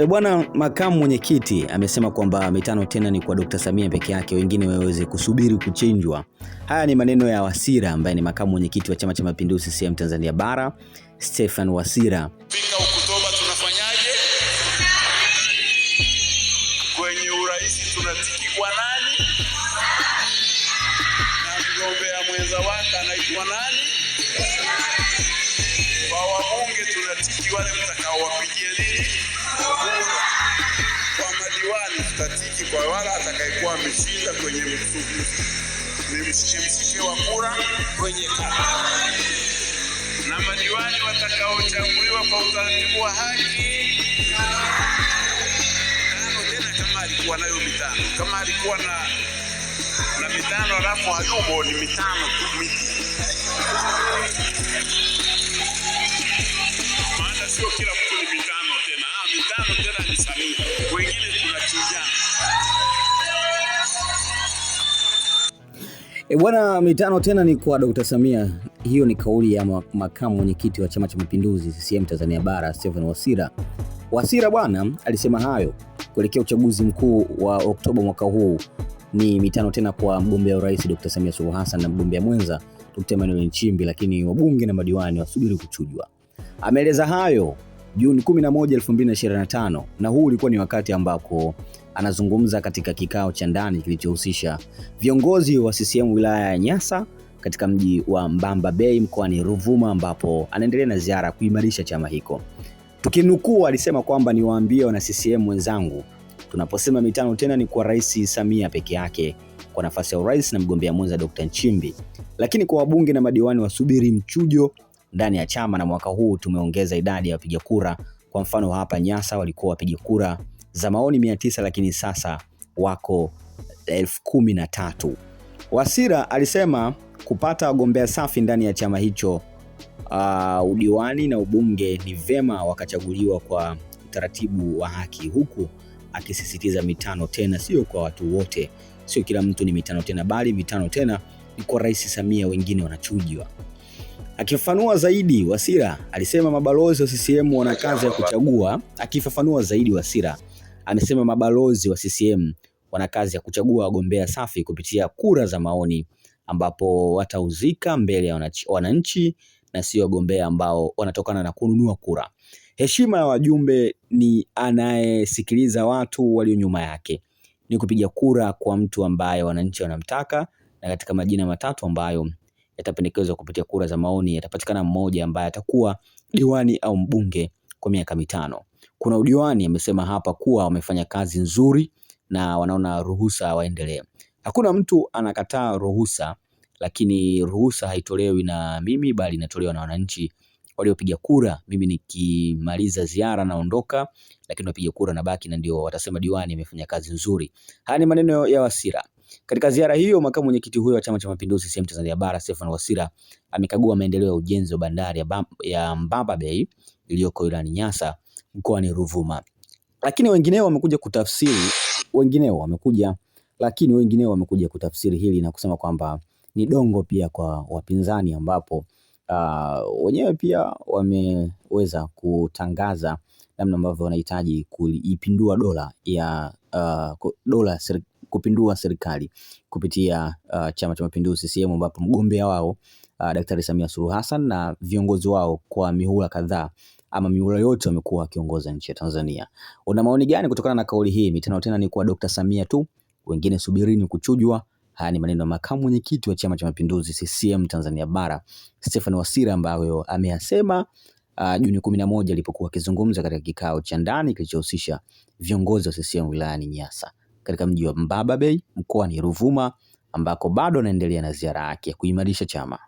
Eh, bwana, makamu mwenyekiti amesema kwamba mitano tena ni kwa Dr. Samia peke yake, wengine waweze kusubiri kuchinjwa. Haya ni maneno ya Wasira ambaye ni makamu mwenyekiti wa Chama cha Mapinduzi CCM Tanzania Bara, Stefan Wasira. Fika Oktoba tunafanyaje? Kwenye urais tunatiki kwa nani? Na mgombea mwenza wake anaitwa nani? Kwa wabunge tunatiki wale mtakaowapigia lini? kura kwa madiwani tatiki kwa wala atakayekuwa ameshinda kwenye mshike wa kura kwenye kata, na madiwani watakaochaguliwa kwa utaratibu wa haki tano tena, kama alikuwa nayo mitano, kama alikuwa na na mitano alafu hadumo ni mitano maana sio kila mtu ni mitano. E, bwana mitano tena ni kwa Dr. Samia. Hiyo ni kauli ya makamu mwenyekiti wa Chama cha Mapinduzi CCM Tanzania Bara, Stephen Wasira. Wasira bwana alisema hayo kuelekea uchaguzi mkuu wa Oktoba mwaka huu. Ni mitano tena kwa mgombea urais Dr. Samia Suluhu Hassan na mgombea mwenza Dr. Emmanuel Nchimbi, lakini wabunge na madiwani wasubiri kuchujwa. Ameeleza hayo Juni 11, 2025 na huu ulikuwa ni wakati ambako Anazungumza katika kikao cha ndani kilichohusisha viongozi wa CCM wilaya ya Nyasa katika mji wa Mbamba Bay mkoani Ruvuma, ambapo anaendelea na ziara kuimarisha chama hiko. Tukinukuu, alisema kwamba niwaambie wana CCM wenzangu, tunaposema mitano tena ni kwa Rais Samia peke yake kwa nafasi ya urais na mgombea mwenza Dr. Nchimbi, lakini kwa wabunge na madiwani wasubiri mchujo ndani ya chama, na mwaka huu tumeongeza idadi ya wapiga kura. Kwa mfano hapa Nyasa walikuwa wapiga kura za maoni mia tisa lakini sasa wako elfu kumi na tatu. Wasira alisema kupata wagombea safi ndani ya chama hicho uh, udiwani na ubunge ni vema wakachaguliwa kwa utaratibu wa haki, huku akisisitiza mitano tena sio kwa watu wote, sio kila mtu ni mitano tena, bali mitano tena ni kwa Rais Samia, wengine wanachujwa. Akifafanua zaidi, Wasira alisema mabalozi wa CCM wana kazi ya kuchagua. Akifafanua zaidi, Wasira Amesema mabalozi wa CCM wana kazi ya kuchagua wagombea safi kupitia kura za maoni, ambapo watauzika mbele ya wananchi na sio wagombea ambao wanatokana na kununua kura. Heshima ya wajumbe ni anayesikiliza watu walio nyuma yake, ni kupiga kura kwa mtu ambaye wananchi wanamtaka, na katika majina matatu ambayo yatapendekezwa kupitia kura za maoni yatapatikana mmoja ambaye atakuwa diwani au mbunge kwa miaka mitano. Kuna udiwani amesema hapa kuwa wamefanya kazi nzuri na wanaona ruhusa waendelee. Hakuna mtu anakataa ruhusa, lakini ruhusa haitolewi na mimi bali inatolewa na wananchi waliopiga kura. Mimi nikimaliza ziara naondoka, lakini wapiga kura na baki na ndio watasema diwani amefanya kazi nzuri. Haya ni maneno ya Wasira. Katika ziara hiyo, makamu mwenyekiti huyo wa Chama cha Mapinduzi CCM Tanzania Bara Stefan Wasira amekagua maendeleo ya ujenzi wa bandari ya Mbamba Bay iliyoko wilani Nyasa mkoani Ruvuma, lakini wengineo wamekuja kutafsiri wengineo wamekuja lakini wengineo wamekuja kutafsiri hili na kusema kwamba ni dongo pia kwa wapinzani, ambapo uh, wenyewe pia wameweza kutangaza namna ambavyo wanahitaji kuipindua dola ya uh, dola kupindua serikali kupitia uh, Chama cha Mapinduzi CCM, ambapo mgombea wao uh, Daktari Samia Suluhu Hassan na viongozi wao kwa mihula kadhaa ama mihula yote wamekuwa wakiongoza nchi ya Tanzania. Una maoni gani kutokana na kauli hii? Mitano tena ni kwa Dr. Samia tu, wengine subirini kuchujwa. Haya ni maneno ya makamu mwenyekiti wa Chama cha Mapinduzi CCM Tanzania Bara, Stephen Wasira, ambayo ameyasema uh, Juni kumi na moja alipokuwa akizungumza katika kikao cha ndani kilichohusisha viongozi wa CCM wilayani Nyasa katika mji wa Mbaba Bay mkoani Ruvuma ambako bado anaendelea na ziara yake ya kuimarisha chama.